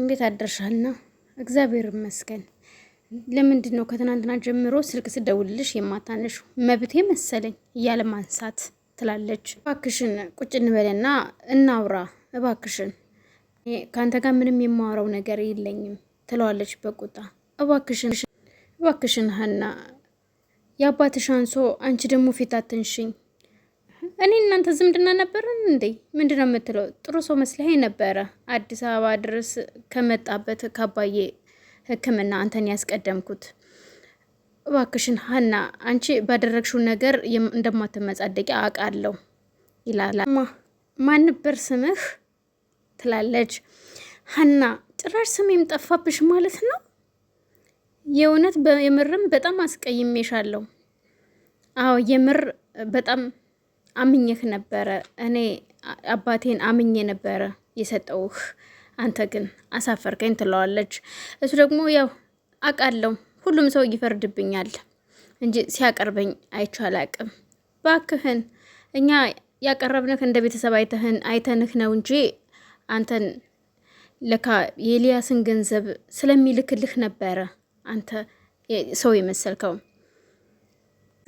እንዴት አደርሻልና? እግዚአብሔር ይመስገን። ለምንድን ነው ከትናንትና ጀምሮ ስልክ ስደውልልሽ የማታነሹ? መብቴ መሰለኝ እያለ ማንሳት ትላለች። እባክሽን ቁጭ እንበለና እናውራ እባክሽን ከአንተ ጋር ምንም የማወራው ነገር የለኝም ትለዋለች በቁጣ እባክሽን እባክሽን ሀና የአባትሽ አንሶ አንቺ ደግሞ ፊት አትንሽኝ እኔ እናንተ ዝምድና ነበርን እንዴ? ምንድን ነው የምትለው? ጥሩ ሰው መስለህ ነበረ። አዲስ አበባ ድረስ ከመጣበት ከአባዬ ሕክምና አንተን ያስቀደምኩት። እባክሽን ሀና፣ አንቺ ባደረግሽው ነገር እንደማትመጻደቂ አውቃለሁ ይላል። ማንበር ስምህ ትላለች ሀና። ጭራሽ ስሜም ጠፋብሽ ማለት ነው? የእውነት የምርም በጣም አስቀይሜሻለሁ። አዎ የምር በጣም አምኜህ ነበረ። እኔ አባቴን አምኜ ነበረ የሰጠውህ፣ አንተ ግን አሳፈርከኝ ትለዋለች። እሱ ደግሞ ያው አውቃለሁ ሁሉም ሰው ይፈርድብኛል እንጂ ሲያቀርበኝ አይቻል አቅም ባክህን እኛ ያቀረብንህ እንደ ቤተሰብ አይተህን አይተንህ ነው እንጂ አንተን ለካ የኤልያስን ገንዘብ ስለሚልክልህ ነበረ አንተ ሰው የመሰልከው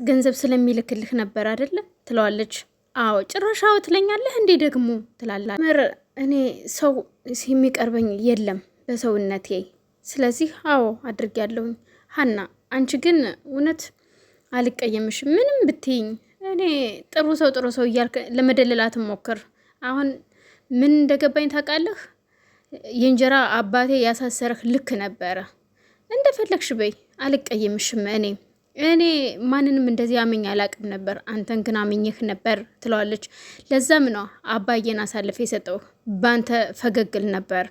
ገንዘብ ስለሚልክልህ ነበር አይደለም ትለዋለች። አዎ ጭራሽ አዎ ትለኛለህ እንዴ ደግሞ ትላላ። ምር እኔ ሰው የሚቀርበኝ የለም በሰውነቴ ስለዚህ አዎ ያለውኝ ሀና አንቺ ግን እውነት አልቀየምሽ ምንም ብትይኝ እኔ ጥሩ ሰው ጥሩ ሰው እያልክ ለመደለላት ሞክር። አሁን ምን እንደገባኝ ታውቃለህ? የእንጀራ አባቴ ያሳሰረህ ልክ ነበረ። እንደፈለግሽ በይ፣ አልቀየምሽም እኔ እኔ ማንንም እንደዚህ አምኜ አላቅም ነበር፣ አንተን ግን አምኜህ ነበር ትለዋለች። ለዛም ነው አባዬን አሳልፌ የሰጠው ባንተ ፈገግል ነበር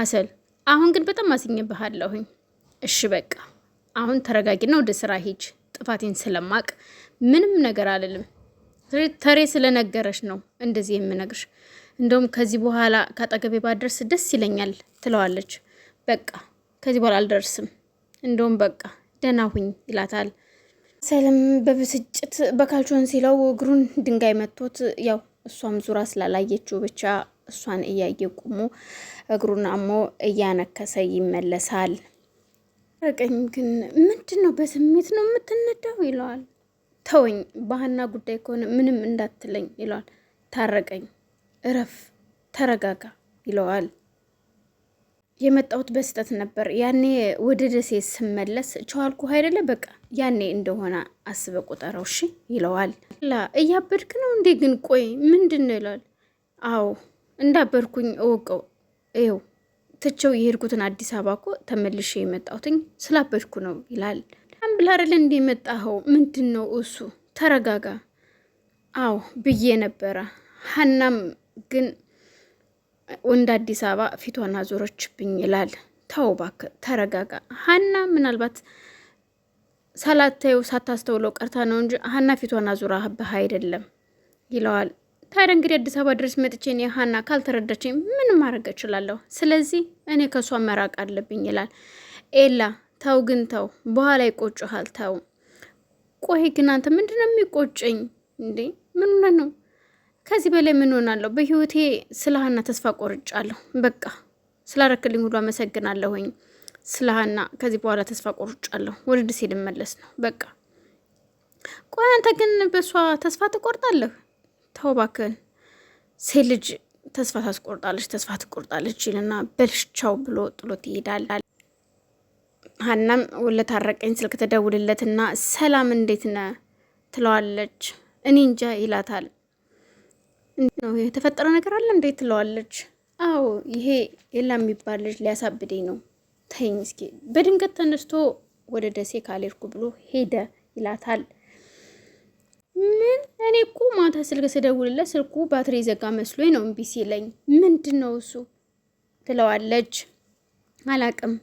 አሰል። አሁን ግን በጣም አስኜብሃለሁኝ። እሺ በቃ አሁን ተረጋጊና ወደ ስራ ሂጅ። ጥፋቴን ስለማቅ ምንም ነገር አልልም። ተሬ ስለነገረች ነው እንደዚህ የምነግርሽ። እንደውም ከዚህ በኋላ ከአጠገቤ ባደርስ ደስ ይለኛል ትለዋለች። በቃ ከዚህ በኋላ አልደርስም እንደውም በቃ ደህና ሁኝ ይላታል። ሰልም በብስጭት በካልቾን ሲለው እግሩን ድንጋይ መቶት ያው እሷም ዙራ ስላላየችው ብቻ እሷን እያየ ቁሞ እግሩን አሞ እያነከሰ ይመለሳል። ረቀኝ ግን ምንድን ነው በስሜት ነው የምትነዳው ይለዋል። ተወኝ ባህና ጉዳይ ከሆነ ምንም እንዳትለኝ ይለዋል። ታረቀኝ እረፍ፣ ተረጋጋ ይለዋል። የመጣሁት በስጠት ነበር። ያኔ ወደ ደሴ ስመለስ ቸዋልኩ አይደለ በቃ ያኔ እንደሆነ አስበ ቁጠረው እሺ ይለዋል። ላ እያበድክ ነው እንዴ ግን ቆይ ምንድን ነው አዎ እንዳበድኩኝ እወቀው ይው ትቸው የሄድኩትን አዲስ አበባ እኮ ተመልሼ የመጣሁትኝ ስላበድኩ ነው ይላል። አምብላርል እንዴ የመጣኸው ምንድን ነው እሱ ተረጋጋ። አዎ ብዬ ነበረ ሀናም ግን ወንድ አዲስ አበባ ፊቷን አዞረችብኝ ይላል። ተው እባክህ ተረጋጋ። ሀና ምናልባት ሳላታዩ ሳታስተውለው ቀርታ ነው እንጂ ሀና ፊቷን አዙራብህ አይደለም ይለዋል። ታዲያ እንግዲህ አዲስ አበባ ድረስ መጥቼ እኔ ሀና ካልተረዳችኝ ምን ማድረግ እችላለሁ? ስለዚህ እኔ ከእሷ መራቅ አለብኝ ይላል። ኤላ ተው ግን ተው፣ በኋላ ይቆጭሃል። ተው ቆይ ግን አንተ ምንድነው የሚቆጨኝ እንዴ? ምን ነው ከዚህ በላይ ምን ሆናለሁ? በህይወቴ ስለሀና ተስፋ ቆርጫለሁ። በቃ ስላረክልኝ ሁሉ አመሰግናለሁኝ። ስለሀና ከዚህ በኋላ ተስፋ ቆርጫለሁ። ወደ ደሴ ልመለስ ነው በቃ። ቆይ አንተ ግን በእሷ ተስፋ ትቆርጣለህ? ተው እባክህን። ሴት ልጅ ተስፋ ታስቆርጣለች፣ ተስፋ ትቆርጣለች ይልና በልሽቻው ብሎ ጥሎት ይሄዳል። ሀናም ወለታረቀኝ ስልክ ተደውልለትና ሰላም እንዴት ነህ ትለዋለች። እኔ እንጃ ይላታል። ነው የተፈጠረ ነገር አለ እንዴት ትለዋለች። አዎ ይሄ ኤላ የሚባል ልጅ ሊያሳብደኝ ነው ተይኝ እስኪ። በድንገት ተነስቶ ወደ ደሴ ካልሄድኩ ብሎ ሄደ ይላታል። ምን እኔ እኮ ማታ ስልክ ስደውልለት ስልኩ ባትሪ ዘጋ መስሎ ነው እምቢ ሲለኝ፣ ምንድን ነው እሱ ትለዋለች። አላቅም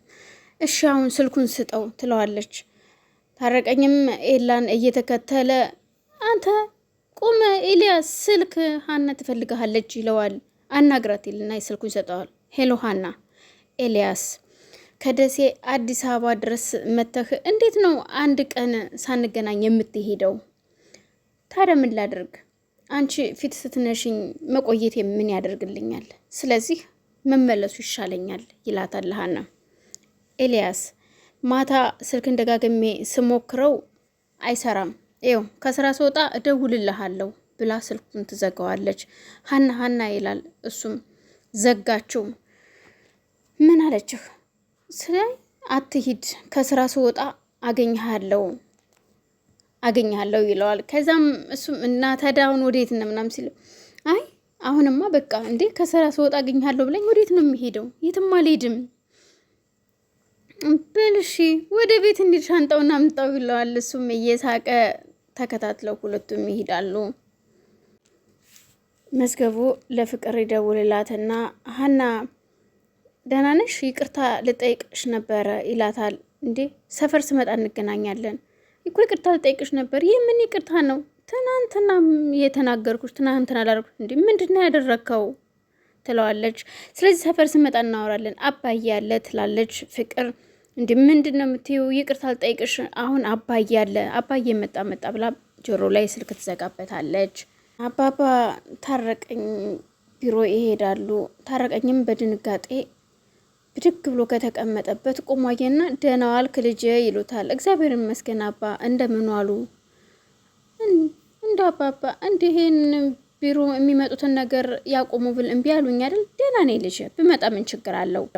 እሺ አሁን ስልኩን ስጠው ትለዋለች። ታረቀኝም ኤላን እየተከተለ አንተ ቁመ ኤልያስ ስልክ ሀና ትፈልግሃለች ይለዋል። አናግራት ይልና የስልኩ ይሰጠዋል። ሄሎ ሀና። ኤልያስ ከደሴ አዲስ አበባ ድረስ መተህ እንዴት ነው አንድ ቀን ሳንገናኝ የምትሄደው? ታዲያ ምን ላድርግ? አንቺ ፊት ስትነሽኝ መቆየት ምን ያደርግልኛል? ስለዚህ መመለሱ ይሻለኛል ይላታል ሀና። ኤልያስ ማታ ስልክን ደጋግሜ ስሞክረው አይሰራም ይው ከስራ ስወጣ እደውልልሃለሁ ብላ ስልኩን ትዘጋዋለች። ሀና ሀና ይላል እሱም ዘጋችው። ምን አለችህ? ስለ አትሂድ ከስራ ስወጣ አገኘሃለሁ አገኘሃለሁ ይለዋል። ከዛም እሱም እና ታዲያ አሁን ወዴት ነው ምናምን ሲል አይ አሁንማ በቃ እንዴ ከስራ ስወጣ አገኘሃለሁ ብለኝ ወዴት ነው የሚሄደው? የትም አልሄድም በልሺ ወደ ቤት እንሂድ ምጣው ይለዋል። እሱም እየሳቀ ተከታትለው ሁለቱም ይሄዳሉ። መዝገቡ ለፍቅር ይደውልላትና ሀና ደህና ነሽ? ይቅርታ ልጠይቅሽ ነበረ ይላታል። እንዴ ሰፈር ስመጣ እንገናኛለን እኮ ይቅርታ ልጠይቅሽ ነበር። ይህ ምን ይቅርታ ነው? ትናንትና የተናገርኩሽ ትናንትና ላደረኩሽ እንዲ ምንድን ነው ያደረግከው? ትለዋለች። ስለዚህ ሰፈር ስመጣ እናወራለን አባዬ ትላለች ፍቅር እንዲ ምንድን ነው የምትይው? ይቅርታ አልጠይቅሽ አሁን አባዬ አለ አባዬ መጣ መጣ ብላ ጆሮ ላይ ስልክ ትዘጋበታለች። አባባ ታረቀኝ ቢሮ ይሄዳሉ። ታረቀኝም በድንጋጤ ብድግ ብሎ ከተቀመጠበት ቆሞ አየና ደህና ዋልክ ልጄ ይሉታል። እግዚአብሔር ይመስገን አባ እንደምን ዋሉ? እንደ አባባ እንዲህን ቢሮ የሚመጡትን ነገር ያቆሙ ብል እምቢ አሉኝ አይደል? ደህና ነኝ ልጄ፣ ብመጣ ምን ችግር አለው?